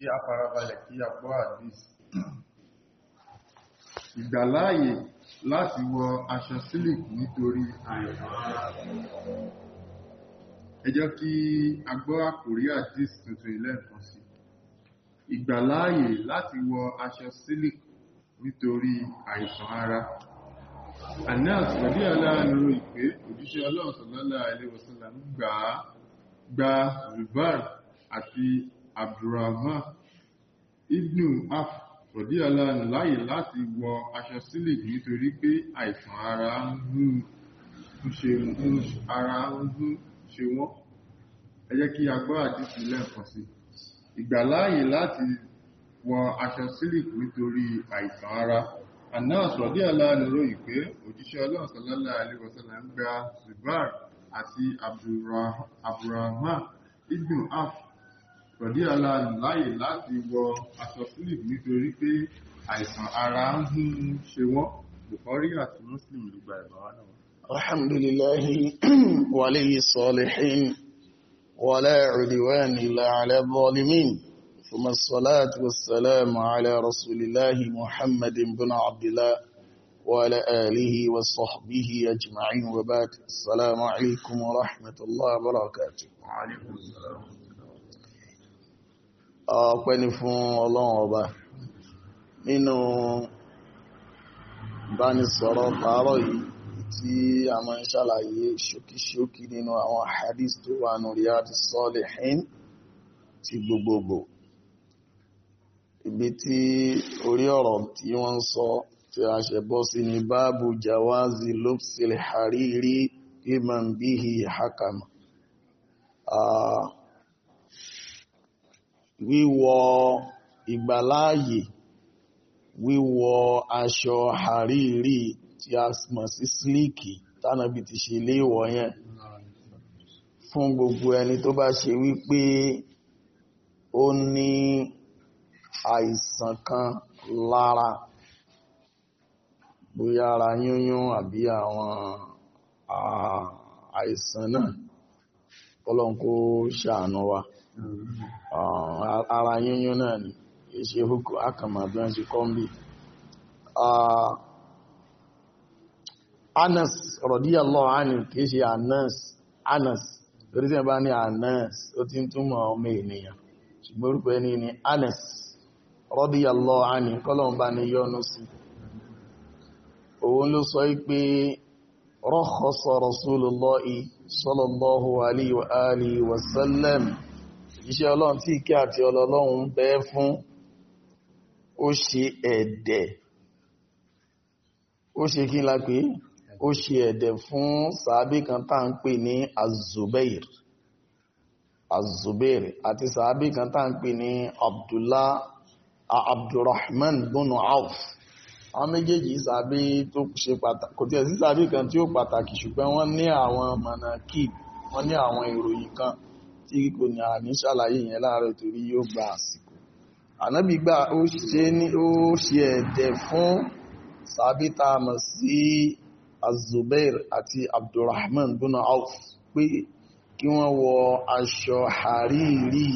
kí a farabalẹ̀ kí a gbọ́ àdís hmm. ìgbàláyè láti wọ aṣọ sílìkì nítorí ààrẹ ẹ jẹ́ kí a gbọ́ àkórí àdís tuntun ilẹ́ẹ̀kan sí ìgbàláyè láti wọ aṣọ sílìkì nítorí àìsàn ara anas rẹ̀bí aláàrin ìpé òjíṣẹ́ ọlọ́ọ̀sán lọ́lá ilé-ìwòsàn gbà gbà zubar àti abdulrahman ibnu af rọ̀díọ̀lá láyè láti wọ aṣọ sílì nítorí pé àìsàn ara ń hún ṣe wọ́n ẹ jẹ́ kí agbára dìtì lẹ́ẹ̀kan sí ìgbàláyè láti wọ aṣọ sílì nítorí àìsàn ara àná sọ̀díọ̀lá níròyìn pé òjíṣẹ́ ọlọ́run sọlọ́lá alẹ́wọ̀sọ́lá rọ̀dí ọlá láyè láti wọ aṣọ sílìkì nítorí pé àìsàn ara ń hún ṣe wọ́n Bukhari àti Muslim ló gba ẹ̀bà wá náà alhamdulillahi wàlẹ́yìí sọ́lẹ̀hìn ولا عدوان لا على الظالمين ثم الصلاة والسلام على رسول الله محمد بن عبد الله وعلى آله وصحبه أجمعين وبعد السلام عليكم ورحمة الله وبركاته وعليكم السلام ọpẹ́ ni fún ọlọ́run ọba nínú ìbánisọ̀rọ̀ pàárọ̀ yìí tí a máa ń ṣàlàyé ṣókíṣókí nínú àwọn hadith tó wà ní Riyadu Salihin ti gbogbogbò ibi tí orí ọ̀rọ̀ tí wọ́n sọ tí a ṣe bọ́ sí ni báàbù jawazi lópsìlẹ̀ hariri liman bihi hakama. Uh, wíwọ ìgbàláàyè wíwọ aṣọ àríìrí tí a mọ̀ sí slíkì tánàbí ti ṣe léèwọ̀ yẹn fún gbogbo ẹni tó bá ṣe wípé ó ní àìsàn kan lára bóyá ara yúnyún àbí àwọn àìsàn náà ọlọ́run ṣàánú wa. Ah, ara yínyún náà ni ìṣe hukú akàmà bí wọ́n ti kọ́mbì ah, anas radiyallahu anhu kìí ṣe anas anas lórí tí wọ́n bá ní anas ó ti ń túnmọ̀ ọmọ ènìyàn ṣùgbọ́n orúkọ ẹni ni anas radiyallahu anhu kọ́lọ̀n bá ní yọ́nú sí òun ló sọ pé rakhasa rasulullahi sallallahu alaihi wa alihi wa òjíṣẹ́ ọlọ́run tí ìkẹ́ àti ọlọ́lọ́run ń bẹ fún ó ṣe ẹ̀dẹ̀ ó ṣe kí n la pé ó ṣe ẹ̀dẹ̀ fún sàábí kan tá ń pè ní azubair àti sàábí kan tá ń pè ní abdullah abdulrahman bunu auf àwọn méjèèjì sàábí tó ṣe pàtàkì kò tiẹ̀ sí sàábí kan tí ó pàtàkì ṣùgbọ́n wọ́n ní àwọn mọ̀nà kí wọ́n ní àwọn ìròyìn kan tí kò ní a ní ṣàlàyé yẹn láàárọ̀ torí yóò gba àsìkò ànábì gbà ó ṣe ní ó ṣe ẹ̀dẹ̀ fún sàbítà mọ̀ sí azubair àti abdulrahman buna auf pé kí wọ́n wọ aṣọ hariri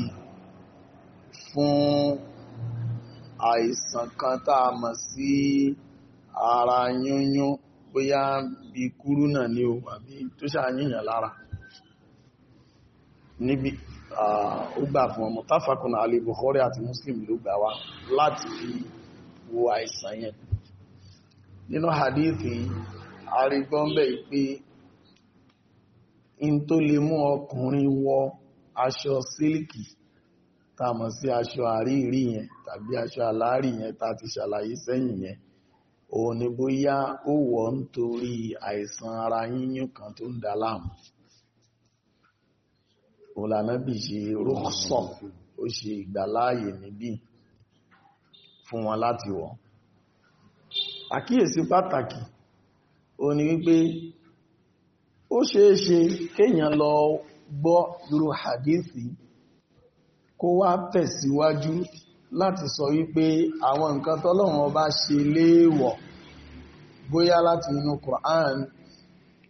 fún àìsàn kan tá a mọ̀ sí ara yúnyún bóyá bí kúrú náà ni o àbí tó ṣàyíyàn lára níbi ọgbà fún ọmọ tafakùnà alẹ́ Bukhari àti Muslim ló gbà wá láti fi wo àìsàn yẹn nínú hadithi arígbọ́nbẹ̀ pé in tó lè mú ọkùnrin wọ aṣọ sílìkì tàmọ̀ sí aṣọ àríìrí yẹn tàbí aṣọ aláàrí yẹn tá ti ṣàlàyé sẹ́yìn yẹn òun ni bóyá ó wọ̀ nítorí àìsàn ara yíyún kan tó ń dá láàmú òun lànàbì ṣe rúkṣọ́ ó ṣe ìgbàláàyè níbí fún wọn láti wọ̀ àkíyèsí pàtàkì ó ní wípé ó ṣeéṣe kéèyàn lọ gbọ́ irú hadithi kó wá tẹ̀síwájú láti sọ wípé àwọn nǹkan tọ́lọ́run ọba ṣe léèwọ̀ bóyá láti inú Quran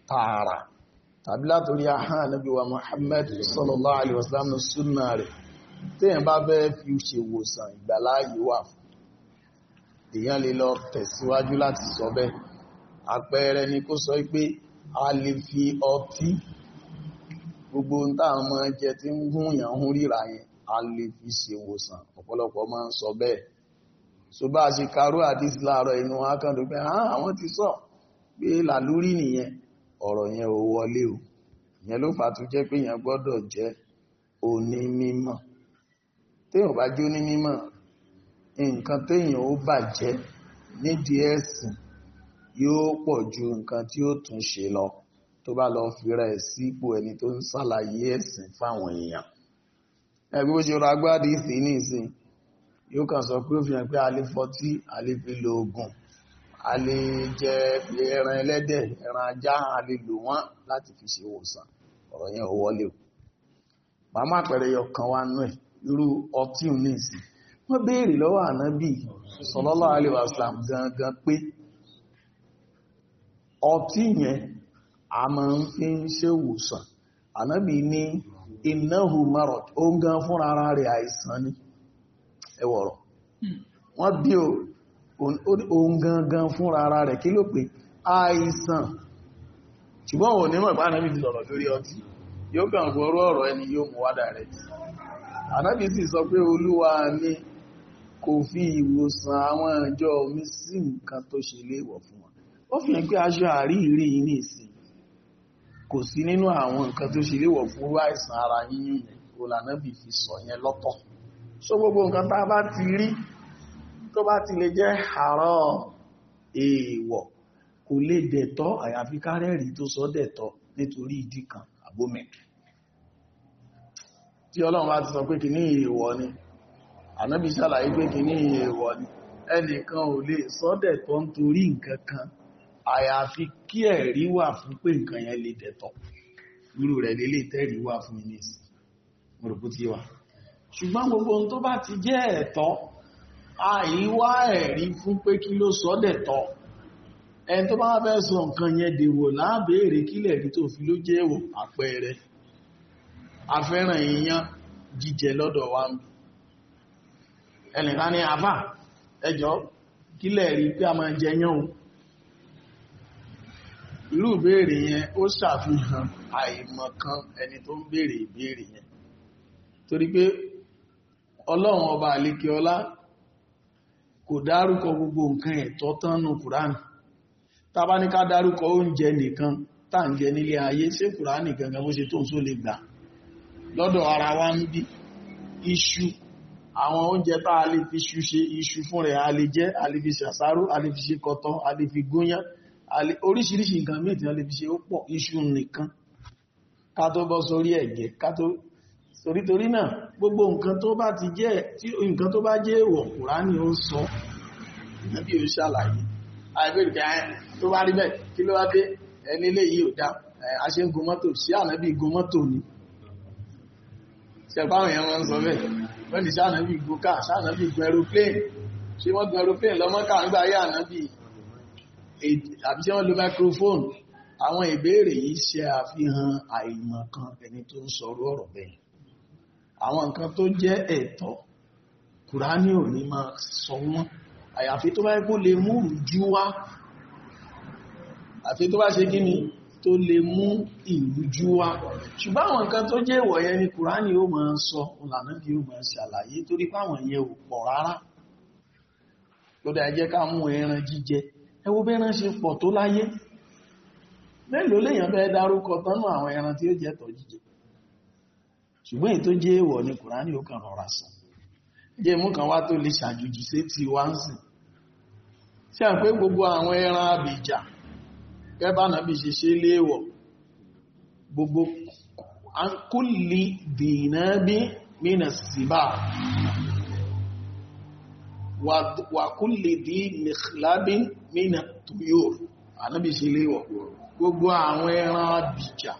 tààrà tàbí látòrí ahán ànábì wa Muhammad sallallahu alaihi wasallam ní súnà rẹ̀ téèyàn bá fẹ́ fi ṣe ìwòsàn ìgbàláàyè wà fún èèyàn lè lọ tẹ̀síwájú láti sọ bẹ́ẹ̀ àpẹẹrẹ ni kó sọ pé a lè fi ọtí gbogbo ń tà mọ́ jẹ tí ń gún yàn ń ríra yẹn a lè fi ṣèwòsàn ọ̀pọ̀lọpọ̀ máa ń sọ bẹ́ẹ̀ so bá a láàárọ̀ inú akọ́ndùn àwọn ti sọ pé làlúrí nìyẹn ọ̀rọ̀ yẹn ò wọlé o ìyẹn ló fà tó jẹ́ pé èèyàn gbọ́dọ̀ jẹ́ onímímọ̀ téèyàn bá jó ní mímọ̀ nǹkan téèyàn ó bàjẹ́ nídìí ẹ̀sìn yóò pọ̀ ju nǹkan tí ó tún ṣe lọ tó bá lọ fira ẹ̀ sípò ẹni tó ń ṣàlàyé ẹ̀sìn fáwọn èèyàn ẹgbẹ́ bó ṣe rọ agbádìí sí nísìn yóò kàn sọ pé ó fi hàn pé a fọtí a fi lo oògùn a lè jẹ ẹran ẹlẹ́dẹ̀ ẹran ajá láti fi ṣe ìwòsàn ọ̀rọ̀ yẹn ò wọlé o màmá àpẹẹrẹ yọ kan wá nú ẹ̀ irú ọtí ní ìsìn wọ́n béèrè lọ́wọ́ ànábì sallallahu alaihi gangan pé ọtí yẹn a máa fi ṣe ànábì ní ó ń gan fúnra àìsàn ni òun gangan fúnra ara rẹ̀ kí ló pé àìsàn ṣùgbọ́n òun ní mọ̀ ìpá anábì ti sọ̀rọ̀ lórí ọtí yóò kàn fún ọ̀rọ̀ ẹni yóò mú wádà rẹ̀ tí anábì sì sọ pé olúwa ni kò fi ìwòsàn àwọn ìjọ mi sí nǹkan tó ṣe léèwọ̀ fún wọn ó fi hàn pé aṣọ àríìrí yìí ní ìsìn kò sí nínú àwọn nǹkan tó ṣe léèwọ̀ fún àìsàn ara yíyún yẹn fi sọ yẹn lọ́tọ̀ so gbogbo nǹkan tá a bá ti rí tó bá ti lè jẹ́ haram èèwọ̀ kò lè dẹ̀tọ́ àyàfi kárẹ́rì tó sọ dẹ̀tọ́ nítorí ìdí kan àbómẹ̀kì tí ọlọ́run bá ti sọ pé kìíní èèwọ̀ ni ànábì ṣàlàyé pé kìíní èèwọ̀ ni ẹnìkan ò lè sọ dẹ̀tọ́ nítorí nǹkan kan àyàfi kí ẹ̀rí wà fún pé nǹkan yẹn lè dẹ̀tọ́ irú rẹ̀ lélẹ̀ tẹ́rí wà fún mi ní mo rò bó ti wà ṣùgbọ́n gbogbo ohun tó bá ti jẹ́ ẹ̀tọ́ àìwá ẹ̀rí fún pé kí ló sọ dẹ̀ tọ́ ẹni tó bá fẹ́ sọ nǹkan yẹn dèwò láàbèèrè kílẹ̀ rí tó fi ló jẹ́ èwò àpẹẹrẹ afẹ́ràn èèyàn jíjẹ lọ́dọ̀ wa ń bí ẹnìkan ní àfà ẹjọ́ kílẹ̀ rí pé a máa jẹ yán o irú ìbéèrè yẹn ó ṣàfihàn àìmọ̀kan ẹni tó ń béèrè ìbéèrè yẹn torí pé ọlọ́run ọba àlékè ọlá kò dárúkọ gbogbo nǹkan ẹ̀tọ́ tán nù kùránì tàbá ní ká dárúkọ oúnjẹ nìkan tàǹjẹ nílé ayé ṣé kùránì gangan bó ṣe tó ń só lè gbà lọ́dọ̀ ara wa ń bí iṣu àwọn oúnjẹ tá a lè fi iṣu ṣe iṣu fún rẹ̀ a lè jẹ a lè fi ṣàṣárò a lè fi ṣe kọtọ a lè fi gúnyán oríṣiríṣi nǹkan míì tí lè fi ṣe ó pọ̀ iṣu nìkan ká tó bọ́ sórí ẹ̀gẹ́ ká tó torítorí náà gbogbo nǹkan tó bá ti jẹ́ tí nǹkan tó bá jẹ́ èèwọ̀ Kùránì ó ń sọ ìnábì ó ṣàlàyé àìbẹ̀rẹ̀ kí tó bá rí bẹ́ẹ̀ kí ló wá dé ẹni lè yí ò dá a ṣe ń gun mọ́tò sí ànábì gun mọ́tò ni ṣẹ̀fáwọn èèyàn wọn sọ bẹ́ẹ̀ wọ́n ní sànábì gun káà sànábì gun aeroplane ṣé wọ́n gun aeroplane lọ́mọ́ káà nígbà ayé ànábì àbí ṣé wọ́n lo microphone àwọn ìbéèrè yìí ṣe àfihàn àìmọ̀kan ẹni tó ń sọ̀rọ̀ ọ̀rọ̀ bẹ́ẹ̀ àwọn nǹkan tó jẹ́ ẹ̀tọ́ kùránì ò ní máa sọ wọ́n àyàfi tó bá yẹ kó lè mú ìrújú wá àfi tó bá ṣe kí ni tó lè mú ìrújú wá ṣùgbọ́n àwọn nǹkan tó jẹ́ ìwọ̀ yẹn ni kùránì ó máa sọ ìlànà bí ó máa ṣàlàyé torí páwọn yẹn ò pọ̀ rárá lórí ajẹ́ ká mú ẹran jíjẹ ẹ wo bẹ́ẹ̀ ránṣe pọ̀ tó láyé mélòó lèèyàn bẹ́ẹ̀ dárúkọ tánú àwọn ẹran tí ó jẹ́ tọ̀ jíjẹ ṣùgbọ́n èyí tó jẹ́ èèwọ̀ ni kùránì ó kàn rọra sọ jẹ́ mú kan wá tó lè ṣàjòjì sí ti wá ń sìn pé gbogbo àwọn ẹran abìjà gẹ́bà bí ṣe ṣe léèwọ̀ gbogbo kúlì dìínà bí mínà síbà wà kúlì dì mìkìlábí mínà gbogbo àwọn ẹran abìjà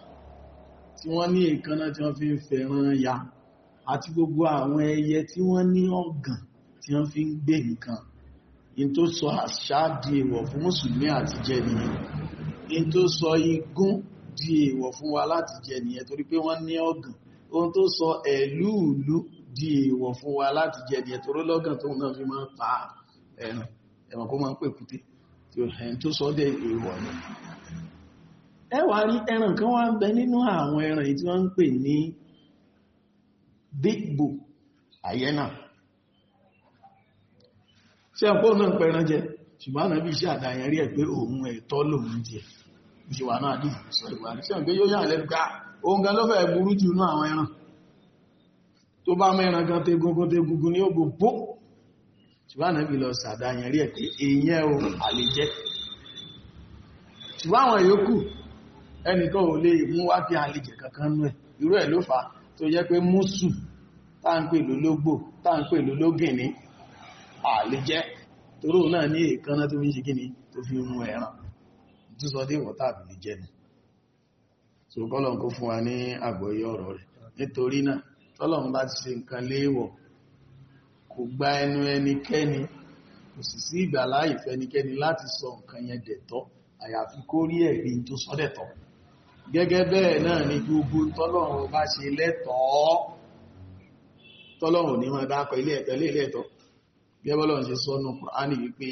tí wọ́n ní èékánná tí wọ́n fi ń fẹ̀ràn ya àti gbogbo àwọn ẹyẹ tí wọ́n ní ọ̀gàn tí wọ́n fi ń gbé nǹkan in tó sọ àṣá di èèwọ̀ fún mùsùlùmí àti jẹ nìyẹn in tó sọ igún di èèwọ̀ fún wa láti jẹ nìyẹn torí pé wọ́n ní ọ̀gàn ohun tó sọ ẹ̀lúùlú di èèwọ̀ fún wa láti jẹ nìyẹn torí lọ́gàn tó náà fi máa ń pa ẹran ẹ̀wọ̀n kó máa ń pèkúté tó ẹ wá rí ẹran kan wá ń bẹ nínú àwọn ẹran tí wọ́n ń pè ní big bull àyẹ́nà ṣe ọ̀pọ̀ náà ẹran jẹ ṣùgbọ́n náà bí iṣẹ́ àdáyẹn rí ẹ̀ pé òun ẹ̀tọ́ lòun jẹ náà ìwà ah, òun gan burú jù nú àwọn ẹran tó bá mẹ́ran gan tegungun tegungun ní ogun bó ṣùgbọ́n náà bí lọ sàdáyẹn rí ẹ̀ pé ẹnìkan ò lè mú wá kí a lè jẹ kankan nú ẹ̀ irú ẹ̀ ló fà tó jẹ́ pé músù tá à lè jẹ́ toró náà ní èékánná tó fi ń ṣe kí tó fi mú ẹran tó sọ dé wọ́n tàbí lè jẹ́ ni so kọ́lọ̀n kó fún wa ní ọ̀rọ̀ rẹ̀ nítorí náà tọ́lọ̀n bá ti ṣe nǹkan léèwọ̀ kò gba ẹnu ẹnikẹ́ni kò sì sí sọ nǹkan yẹn dẹ̀tọ́ àyàfi kó rí ẹ̀rí sọ gẹ́gẹ́ bẹ́ẹ̀ náà ni gbogbo tọ́lọ́run bá ṣe lẹ́tọ̀ọ́ tọ́lọ́run ní máa dákọ̀ ilé ẹ̀tọ́ ilé ẹ̀tọ́ gẹ́bọ́lọ́run ṣe sọ́nù Kùránì wípé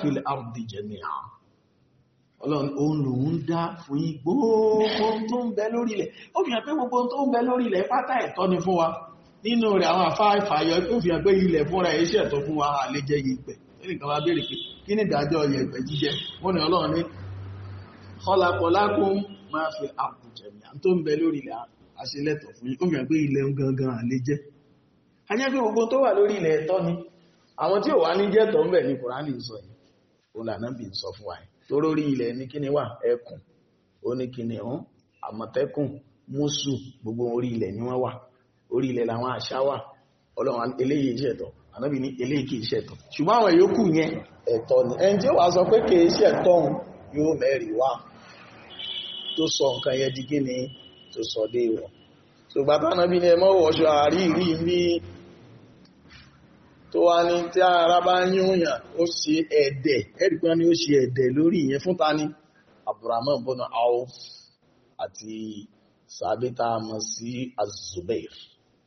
fil ardi jami'a ọlọ́run òun lòun dá fún yín gbogbo tó ń bẹ lórí ilẹ̀ ó fi hàn pé gbogbo wa nínú rẹ̀ àwọn àfáàfàyọ tó fi hàn pé ilẹ̀ fúnra iṣẹ́ ẹ̀tọ́ fún kí ni ìdájọ́ yẹ̀pẹ̀ jíjẹ wọ́n ní ọlọ́run ní kọlákọlákún máa fi àpùjẹ̀mìà tó ń bẹ lórí ilẹ̀ àṣẹlẹ̀tọ̀ fún yín ó mìíràn pé ilẹ̀ gangan àlé jẹ́ ajẹ́ pé tó wà lórí ilẹ̀ ẹ̀tọ́ ni àwọn tí ò wá ní jẹ́tọ̀ ń bẹ ní kùránì sọ yìí òun lànà bí ń sọ fún wa tó lórí ilẹ̀ ní kíni wà ẹkùn ó kíni hàn àmọ̀tẹ́kùn mùsù gbogbo orí ilẹ̀ ni wọ́n wà orí ilẹ̀ làwọn àṣà wà ọlọ́run eléyìí jẹ́tọ̀ ànábì ní eléyìí kìí ṣe ẹ̀tọ́ ṣùgbọ́n àwọn yòókù yẹn ẹ̀tọ́ ni ẹni tí ó wàá sọ pé kìí ṣe ẹ̀tọ́ òun yóò mẹ́rin wá tó sọ nǹkan yẹn di kíni tó sọ dé wọ̀ ṣùgbọ́n tánàbí ni ẹ mọ́ wọṣọ àríìrí ní tó wá ní tí ara bá yúnyàn ó ṣe ẹ̀dẹ̀ ẹ̀dùkan ni ó ṣe ẹ̀dẹ̀ lórí ìyẹn fún tani abdulrahman bọ́nà auf àti sàbẹ́tà mọ̀ sí azubair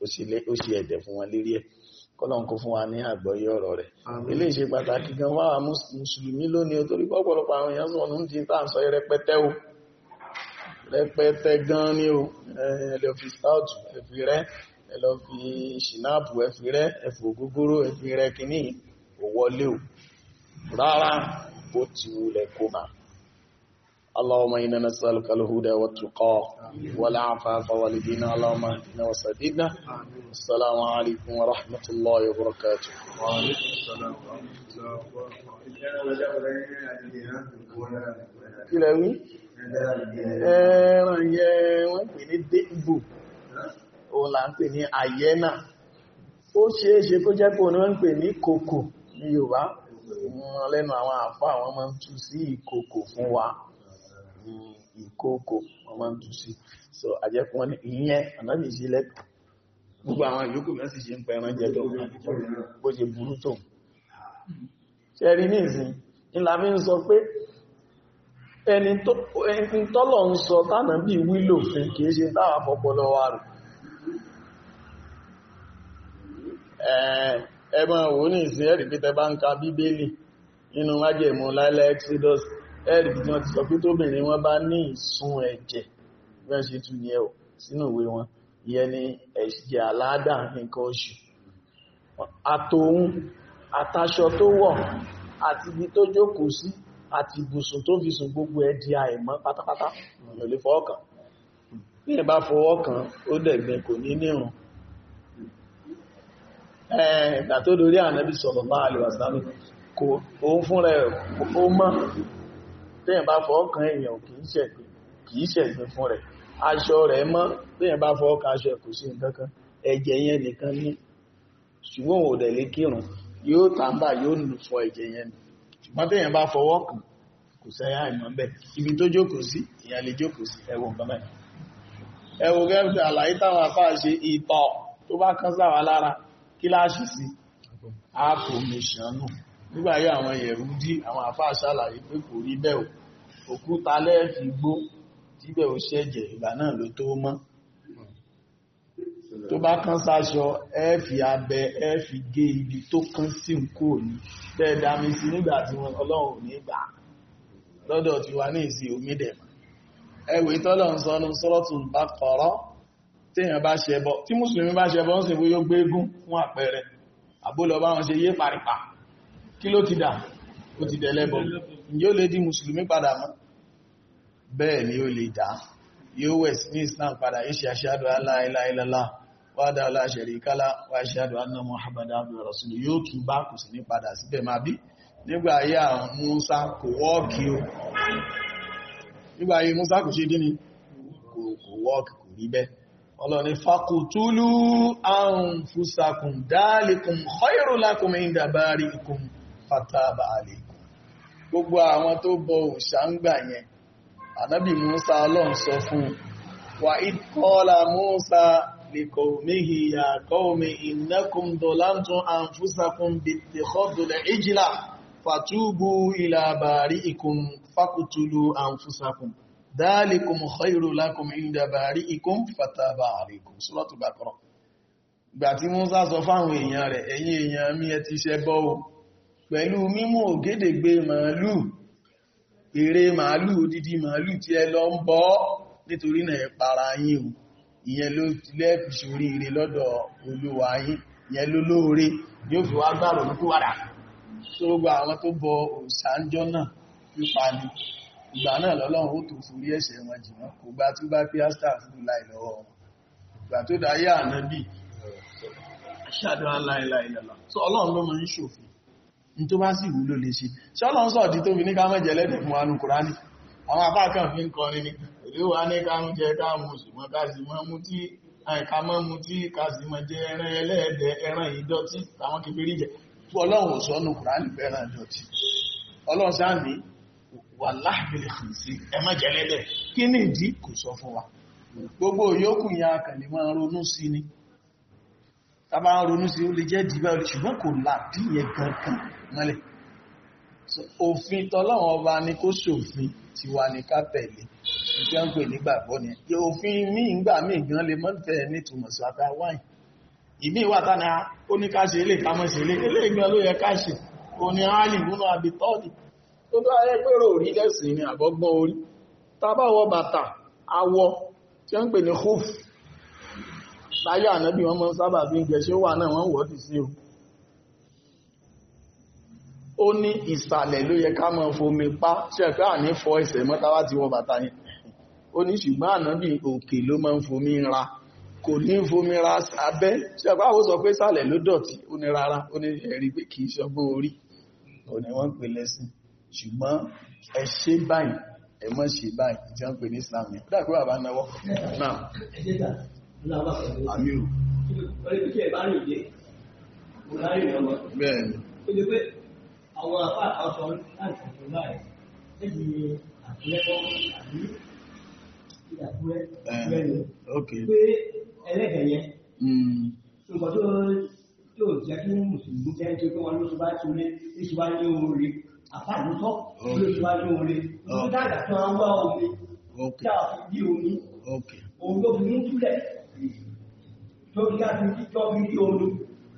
ó ṣe ẹ̀dẹ̀ fún wọn lérí ẹ̀ kọ́lọ́n kó fún wa ní àgbọ́yé ọ̀rọ̀ rẹ̀. ilé ìṣe pàtàkì gan wá mùsùlùmí lónìí torí pọ́pọ̀lọpọ̀ àwọn èèyàn sọ̀rọ̀ ní tà ń sọ rẹpẹtẹ o rẹpẹtẹ gan ni o ẹlẹ́ fi stout ẹ̀fì rẹ ẹlẹ́ fi ṣìnáàpù ẹ̀fì rẹ ẹ̀fì ògógóró ẹ̀fì rẹ kìíní ò o rárá bó ti wulẹ̀ kó máa اللهم إنا نسألك الهدى والتقى والعفاف والدين اللهم اهدنا وسددنا السلام عليكم ورحمة الله وبركاته وعليكم السلام ورحمة الله وبركاته kí lẹ wí ẹran yẹn wọ́n pè ní dégbò òun là ń pè ní àyẹ́nà ó ṣeé ṣe kó jẹ́ pé òun wọ́n pè ní kòkò ní Yorùbá lẹ́nu àwọn àfá àwọn máa ń tú sí ìkòkò fún wa ní ìkókò wọ́n máa ń tú sí so àjẹ́kùn wọn ni ìyẹn ànábì sí lẹ́kùn gbogbo àwọn ìyókù mẹ́ sì ṣe ń pẹran jẹ tó bó ṣe burú tó ṣẹ́rí ní ìsìn ìlà mi ń sọ pé ẹni tọ́lọ̀ ń sọ tánà bí wílò fún kìí ṣe táwà fọpọlọ wa rò ẹ̀ẹ̀mọ̀ òun ní ìsìn ẹ̀rí pé tẹ bá ń ka bíbélì nínú májẹ̀mú láìlẹ́ exodus ẹ̀rì tí wọ́n ti sọ pé tóbìnrin wọn bá ní ìsun ẹ̀jẹ̀ bẹ́ẹ̀ ṣe tún yẹ ọ̀ sínú ìwé wọn ìyẹn ni ẹ̀jẹ̀ aládà nǹkan oṣù àtòun àtàṣọ tó wọ̀ àti ibi tó jókòó sí àti ibùsùn tó fi sùn gbogbo ẹ̀ àìmọ́ pátápátá èèyàn lè fọwọ́ kàn bí ẹ bá fọwọ́ kàn ó dẹ̀gbẹ́ kò ní nírun ẹ̀ẹ́dà tó dorí ànábì sọ̀rọ̀ máa lè wà sáré kò òun fúnra ẹ̀ ó mọ́ téèyàn bá fọwọ́ kan èèyàn kì í ṣẹ̀gbìn fún rẹ̀ aṣọ rẹ̀ mọ́ téèyàn bá fọwọ́ kan aṣọ kò sí nǹkan ẹ̀jẹ̀ yẹn nìkan ní ṣùgbọ́n ò dẹ̀ kírun yóò tàbà yóò lù fọ ẹ̀jẹ̀ yẹn ni ṣùgbọ́n téèyàn bá fọwọ́ kan kò sẹ́yà ìmọ̀ bẹ́ẹ̀ ibi tó jókòó sí èèyàn lè jókòó sí ẹwọ nǹkan bẹ́ẹ̀ ẹwọ gẹ́gẹ́ àlàyé táwọn afá ṣe ìtọ̀ tó bá kán sáwà lára kíláàsì sí àpò mẹ́ṣánù nígbà ayé àwọn Yẹ̀húdí àwọn àfáà ṣàlàyé pé kò rí bẹ́ẹ̀ o òkúta lẹ́ẹ̀fì gbó tíbẹ̀ ó ṣẹ̀jẹ̀ ìgbà náà ló tó mọ́ tó bá kán sáṣọ ẹ́ẹ̀fì abẹ ẹ́ẹ̀fì gé ibi tó kán sí nkó ní tẹ́ẹ̀dá mi sí nígbà tí wọn ọlọ́run ní gbà lọ́dọ̀ tí wà ní ìsìn omídẹ̀mà ẹwẹ̀ tọ́lọ́run sọ́nù sọ́rọ́tún bá kọ̀rọ́ téèyàn bá ṣẹbọ tí mùsùlùmí bá ṣẹbọ ń sìnkú yóò gbé egún fún àpẹẹrẹ àbólọ bá wọn ṣe yé paripa kí ló ti dà ó ti dẹ̀lẹ́bọ̀ ǹjẹ́ ó lè di mùsùlùmí padà mọ́ bẹ́ẹ̀ ni ó lè dá yóò wẹ̀ sí ní islam padà iṣẹ́ aṣáàdù aláìláìlálá wádá aláṣẹ̀ríkálá wá aṣáàdù anna muhammadu abdul rasul yóò tún bá kù sí ní Musa kò wọ́ọ̀kì Musa kò ṣe gíní kò wọ́ọ̀kì kò rí bẹ́ẹ̀ khairulakum inda fataba aleikum gbogbo àwọn tó bọ òòṣà ń gbà yẹn ànábì musa ọlọ́run sọ fún wa ìkọ́lá musa lèkọ̀ méhì àkọ́ omi ìnákùn dọ̀lántún àǹfúsàkùn bìtì kọ́dùlẹ̀ ìjìlá fàtúbù ilà bàárí ikùn fàkùtùlù àǹfúsàkùn dáàlìkùn khairu lakum inda pẹ̀lú mímú ògédègbé màálù èrè màálù odidi màálù tí ẹ lọ ń bọ́ nítorí náà ẹ para yín o ìyẹn ló lẹ́ẹ̀kì sórí ire lọ́dọ̀ olúwa yín ìyẹn ló lóore yóò fi wá gbàrò lókú wàdà tó gba àwọn tó bọ òsànjọ́ náà pípa ni ìgbà náà lọ́lọ́run ó tó forí gbà tó bá ọlọ́run ló máa ń ṣòfin tó bá sì wúlò lè ṣe ṣọ́nà ń sọ̀dí tó fi ní ká mẹ́jẹ lẹ́dẹ̀ fún anú kùránì àwọn apákan fi ń kọrin ní ìléwà ní káàmù jẹ káàmù ṣùgbọ́n káàsì mọ́ mú tí àìká mọ́ mú tí káàsì mọ́ jẹ ẹran ẹlẹ́ẹ̀dẹ̀ ẹran ìdọ̀tí àwọn kìfìrí jẹ tàbá ń ronú sí ó lè jẹ́ dìbà olè ṣùgbọ́n kò láti yẹ gankan mọ́lẹ̀ òfin tọ́lọ́wọ́n ọba ní kó ṣòfin ti wà ní ká tẹ̀lé ìjọ ni òfin mí ìgbà mí gan lè mọ́ tẹ̀ nítumọ̀ sí ata wáìn ìmí wà tánà ó ní ká ṣe ilé ìkámọ́ ṣe ilé ilé ìgbà ló yẹ ká ṣe kò ní áàlì múnú àbí tọ́ọ̀dì tó bá yẹ pé rò rí lẹ́sìn ní àbọ́gbọ́n orí tábà bàtà awọ tí wọ́n ń pè ní hoof láyé ànábì wọ́n mọ́ sábà fi ń gẹṣẹ́ wà náà wọ́n wọ́dì sí o ó ní ìsàlẹ̀ ló yẹ ká mọ́ fomi pa ṣẹ̀fẹ́ àní fọ ẹsẹ̀ mọ́tawá ti wọ bàtà yẹn ó ní ṣùgbọ́n ànábì òkè ló mọ́ fomi ra kò ní fomi ra abẹ́ ṣẹ̀fẹ́ àwọn sọ pé sàlẹ̀ ló dọ̀tí ó ní rárá ó ní ẹ̀rí pé kì í ṣọgbọ́n orí kò ní wọ́n pè lẹ́sìn ṣùgbọ́n ẹ ṣe báyìí ẹ mọ́ ṣe báyìí ìjọ ń pè ní Islam dàgbé bàbá náwó náà Bẹ́ẹ̀ni. Ó lè pé àwọn apá àkàwọ̀sọ láti ṣàtọ̀ láàrin lẹ́yìn àtúnlẹ́kọ́ àbí ìdàkúrẹ́ lẹ́nu. Pé ẹlẹ́gẹ̀ẹ́ yẹn. Nǹkan tó yóò jẹ́ kí Mùsùlùmí jẹ́ nítorí pé wọ́n ló ti bá ti lé èsì wá ní oore. Àbá ló tọ́ ló ti wá lórí káàkiri títọ́ bí i omi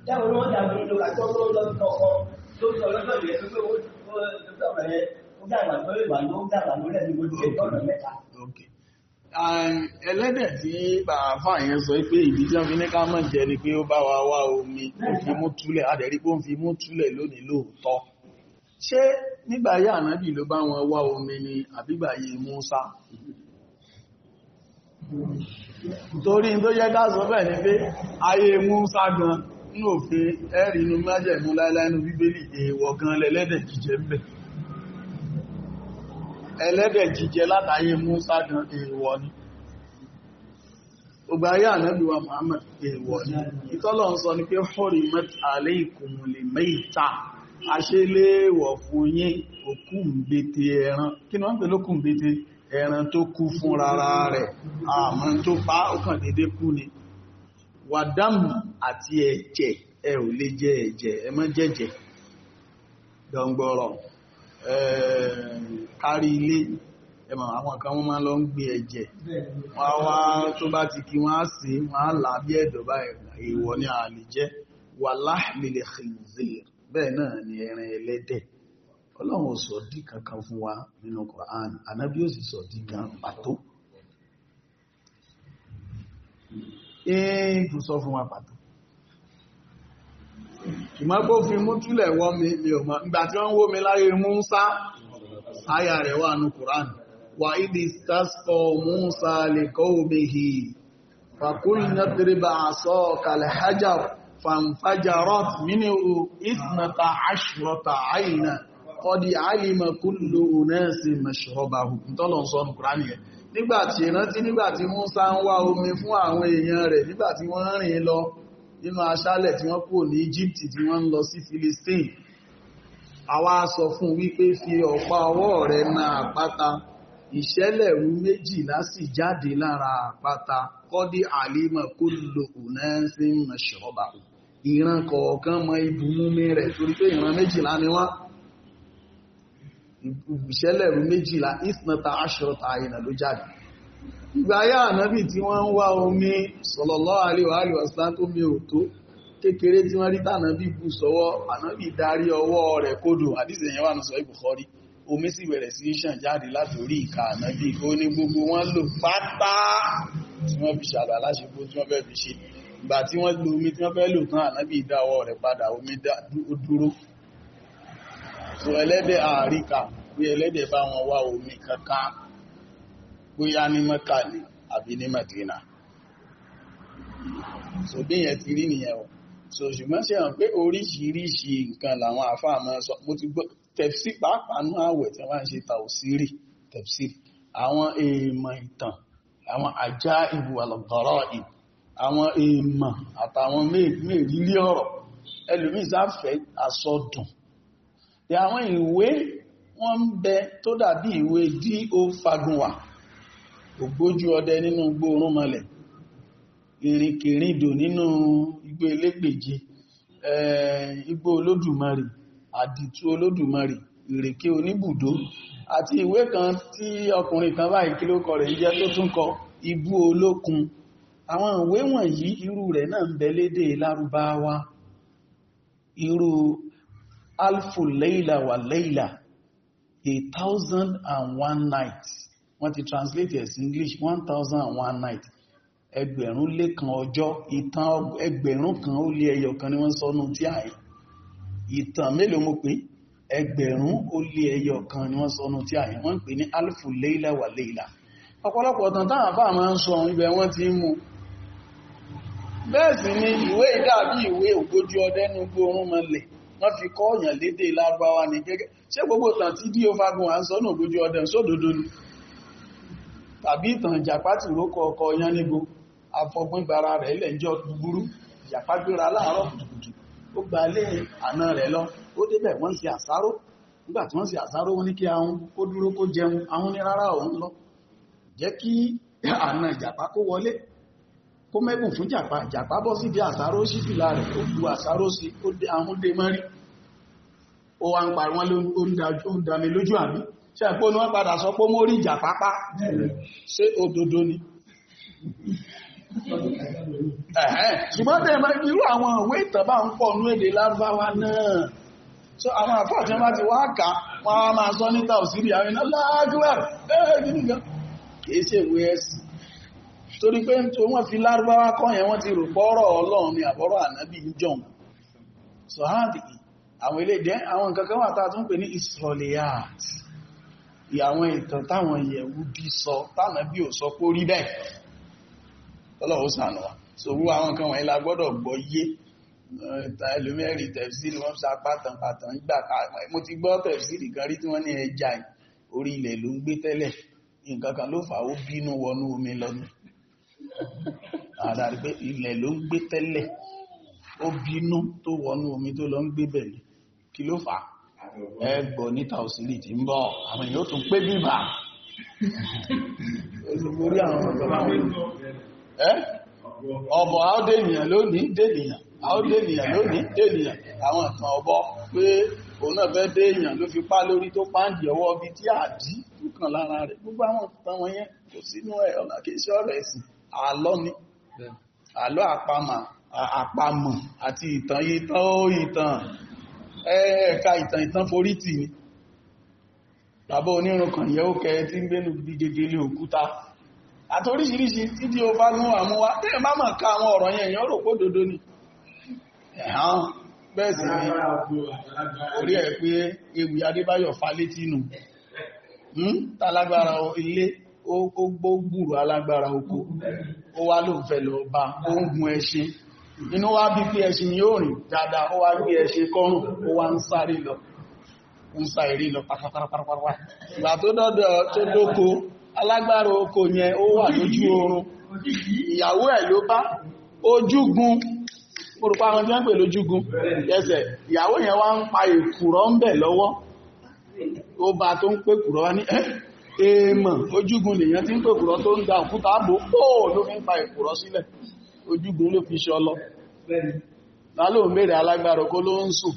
dáwọn náà dàbí ìlú àti ọ̀tọ̀ lọ tó pé ó ẹlẹ́dẹ̀ tí bàbá yẹn sọ pé ìdí tí wọ́n fi ní ká mọ̀ jẹ ni pé ó bá wa wá omi ó fi mú túlẹ̀ adẹ̀rí pé ó fi mú túlẹ̀ lónìí lóòótọ́ ṣé nígbà ànábì ló bá wọn wá omi ni àbígbà yìí Músà torí tó yẹ ká bẹ́ẹ̀ ni pé ayé Mùsá gan ní òfin ẹ̀rì inú májẹ̀mú láíláínú bíbélì èèwọ̀ gan lẹ́lẹ́dẹ̀ jíjẹ ń bẹ̀ ẹlẹ́dẹ̀ jíjẹ látàyé Mùsá gan èèwọ̀ ni ọgbà ayé ànábíwa Muhammad èèwọ̀ ni ìtọ́lọ̀ ń sọ ni pé hori mẹ́t aleikum lè mẹ́ta aṣeléèwọ̀ fún yín òkú ẹran kí ni wọ́n ń pè lókùn ẹran tó kú fún rárá rẹ̀ àmọ́ tó pa ó kàn dédé kú ni wàdámù àti ẹ̀jẹ̀ ẹ ò lè jẹ ẹ̀jẹ̀ ẹ má jẹ̀jẹ̀ dọ̀ngbọ̀rọ̀ eh, kárí ilé ẹmọ̀ àwọn kan wọ́n máa lọ ń gbé ẹ̀jẹ̀ wọ́n wá tó bá ti kí wọ́n á sí wọ́n á là bí ẹ̀dọ̀ ìwọ ni a lè jẹ wà bẹ́ẹ̀ náà ni ẹran ẹlẹ́dẹ̀ ọlọ́run sọ dí kankan fún wa nínú Quran anábí sì sọ dí pàtó èèkù sọ fún wa pàtó ìmọ́pọ̀ fi mú túlẹ̀ wọ́n mi mi tí wọ́n wó mi láyé Músá àyà rẹ̀ wà ní Quran wà ìdí stasfọ́ Músá lè kọ́ omi hì kọ́dí alìmọ̀kú ló nẹ́ẹ̀sì mẹ́ṣọ́bàhù tọ́lọ̀ sọ́nù kùránì ẹ̀ nígbàtí rántí nígbàtí Mùsá ń wá omi fún àwọn èèyàn rẹ̀ nígbàtí wọ́n rìn lọ nínú aṣálẹ̀ tí wọ́n kúrò ní Egypt tí wọ́n ń lọ sí Philistine àwa sọ fún wípé fi ọ̀pá ọwọ́ rẹ̀ na àpáta ìṣẹ́lẹ̀rú méjìlá sì jáde lára àpáta kọ́dí alìmọ̀kú ló nẹ́ẹ̀sì mẹ́ṣọ́bàhù ìran kọ̀ọ̀kan mọ ibùmúmi rẹ̀ torí pé ìran méjìlá ni wọ́n ìṣẹ́lẹ̀rú méjìlá ìsìnàta aṣọ́ta àyìnà ló jáde ìgbàyà ànábì tí wọ́n ń wá omi sallallahu alaihi wasallam tó mi ò tó kékeré tí wọ́n rí tànábì bù sọ́wọ́ ànábì darí ọwọ́ rẹ̀ kódò àdíṣẹ́yìn wà nùsọ̀ ìbùkọ́rí omi sì bẹ̀rẹ̀ sí ṣàn jáde láti orí ìka ànábì ó ní gbogbo wọn lò pátá tí wọ́n fi ṣàlọ́ so ẹlẹ́dẹ̀ àríkà bí ẹlẹ́dẹ̀ bá wọn wá omi kankan bóyá ní mẹ́kà ni àbí ní mẹ́dínà so bí yẹn ti rí nìyẹn o so ṣùgbọ́n ṣe hàn pé oríṣiríṣi nǹkan làwọn àfáà máa sọ mo ti gbọ́ tẹ̀fsí pàápàá ní àwẹ̀ tí wọ́n ń ṣe tàùsírì tẹ̀fsí àwọn èèmọ̀ ìtàn àwọn àjá ìbù àlọ̀gọ́rọ̀ ì àwọn èèmọ̀ àtàwọn mẹ́rìnlẹ́ ọ̀rọ̀ ẹlòmíì sáfẹ́ àsọdùn àwọn ìwé wọ́n ń bẹ tó dàbí ìwé D.O. Fagunwa ògbójú ọdẹ nínú igbó orúnmọlẹ̀ ìrìnkèrindò nínú igbó elégbèje eh, igbó olódùmarè àdìtú olódùmarè ìrèké oníbùdó àti ìwé kan tí ọkùnrin kan báyìí kí ló kọ rẹ̀ jẹ́ tó tún kọ ibú olókun àwọn ìwé wọ̀nyí irú rẹ̀ náà ń bẹ lédè lárúbáwá irú alfu leila wa leila a thousand and one nights. wọ́n ti translate as English one thousand and one night ẹgbẹ̀rún lé kan ọjọ́ ìtàn ẹgbẹ̀rún kan ó lé ẹyọ kan ni wọ́n sọ́nù tí àyè ìtàn mélòó mo pé ẹgbẹ̀rún ó lé ẹyọ kan ni wọ́n sọ́nù tí àyè wọ́n pè ní alfu leila wa leila ọ̀pọ̀lọpọ̀ ọ̀tàn táwọn bá máa ń sọ ibẹ̀ wọ́n ti ń mú bẹ́ẹ̀ sì ni ìwé ìdàbí ìwé ògbójú ọdẹ́nu gbórún mọ́lẹ̀ wọ́n fi kọ́ ọ̀yàn lédè lárúbáwá ní gẹ́gẹ́ ṣé gbogbo ìtàn tí dí ofagun à ń sọ náà lójú ọdẹ sódodo ni tàbí ìtàn ìjàpá tí rókọ ọkọ yánigo afọgbọ́n gbara rẹ̀ ilẹ̀ ìjọ gbúgbúrú ìjàpá gbéra láàárọ̀ kùtùkùtù ó gba ilé àna rẹ̀ lọ ó débẹ̀ wọ́n ṣe àsáró nígbà tí wọ́n ṣe àsáró wọn ní kí ahun kó dúró kó jẹun ahun ní rárá òun lọ jẹ́ kí àna ìjàpá kó wọlé ó mẹ́bùn fún jàpá jàpá bọ́ sí bí àsáró sí fìlà rẹ̀ ó du àsáró sí ó dé àwọn dé mọ́rí ó wá ń parí wọn ó ń dami lójú àmì ṣe àpò ní wọ́n padà sọ pé mo rí jàpá pa ṣé òdodo ni ṣùgbọ́n tẹ́ ẹ̀mọ́ irú àwọn ìwé ìtàbá ń pọ̀ ní èdè lárúbáwá náà so àwọn àfáà tí wọ́n bá ti wá kà wọ́n á máa sọ níta òsìrí torí pé tó wọ́n fi lárúbáwá kọ́ yẹn wọ́n ti rò pọ́rọ̀ ọlọ́run ni àbọ́rọ̀ ànábì ń jọun so hadi àwọn ilé jẹ́ àwọn nǹkan kan wà tàà tún pè ní israeliyat ìyàwọn ìtàn táwọn yẹ̀wú bí sọ tánàbí ò sọ pó wa so wú àwọn nǹkan wọ̀nyí la gbọ́dọ̀ gbọ́ yé ẹlòmẹ́rì tẹ̀fsìlì wọ́n sá pátàn pátàn gbà mo ti gbọ́ tẹ̀fsìlì kan àdàrí pé ilẹ̀ ló ń gbé tẹ́lẹ̀ ó bínú tó wọnú omi tó lọ ń gbé bẹ̀lẹ̀ kí ló fà ẹ gbọ́ níta òsìlì tí ń bọ̀ àwọn èèyàn ó tún pé bíbà orí àwọn ọ̀bọ̀ àwọn dènìyàn lónìí dènìyàn àwọn dènìyàn lónìí dènìyàn àwọn ìtàn ọ̀bọ pé òun náà fẹ́ dènìyàn ló fi pá lórí tó páǹdì ọwọ́ bí tí àdí kàn lára rẹ̀ gbogbo àwọn ìtàn wọ̀nyẹn kò sínú ẹ̀ ọ̀nà kìí ṣe ẹ̀sìn àlọ́ ni àlọ́ àpamọ̀ àpamọ̀ àti ìtàn ìtàn ó ìtàn ẹ̀ẹ̀ka ìtàn ìtàn forí tì ní bàbá onírun kan yẹ́ ó kẹ́ tí ń gbénu bí gegele òkúta àtoríṣiríṣi títí o bá gún àmúwá tí ẹ má mọ̀ ká àwọn ọ̀rọ̀ yẹn yẹn ó rò pó dodo ni ẹ̀hán ó gbógbùrù alágbára oko ó wá ló fẹ́ lọ bá ó ń gun ẹṣin inú wá bí pé ẹṣin yóò rìn dáadáa ó wá gbé ẹṣin kọrùn ó wá ń sáré lọ ń sa lọ pàtàkàràpàá ìgbà tó dọ́dọ̀ tó dóko alágbára oko yẹn ó wà lójú oorun ìyàwó ẹ̀ ló bá ojúgun orúkọ àwọn tí wọ́n pè lójúgun ẹsẹ̀ ìyàwó yẹn wá ń pa èkùrọ́ ń bẹ̀ lọ́wọ́ ó bá tó ń pè kùrọ́ wá ní ẹ́ èèmọ̀ ojúgun nìyẹn tí ń pè kùrọ̀ tó ń da òkúta àbò pò ló fi ń pa ìkùrọ̀ sílẹ̀ ojúgun ló fi ṣọlọ lálò mẹ́rẹ̀ alágbára kó ló ń sùn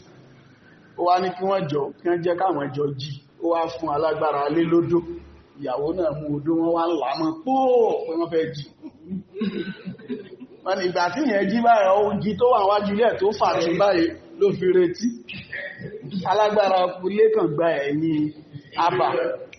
ó wá ní kí wọ́n jọ kí wọ́n jẹ́ káwọn jọ jí ó wá fún alágbára lé lódó ìyàwó náà mú odó wọn wá lámọ́ pò pé wọ́n fẹ́ jí wọ́n ní ìgbà tí ìyẹn jí báyìí ogi tó wà wájú ilé tó fà tún báyìí ló fi retí alágbára kulé kàn gba ẹ̀yìn abà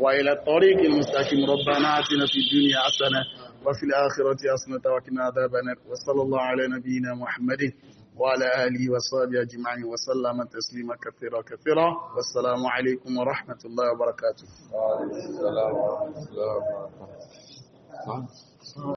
وإلى الطريق المستقيم ربنا آتنا في الدنيا حسنة وفي الآخرة حسنة وقنا عذاب النار وصلى الله على نبينا محمد وعلى آله وصحبه أجمعين وسلم تسليما كثيرا كثيرا والسلام عليكم ورحمة الله وبركاته. وعليكم السلام ورحمة الله وبركاته.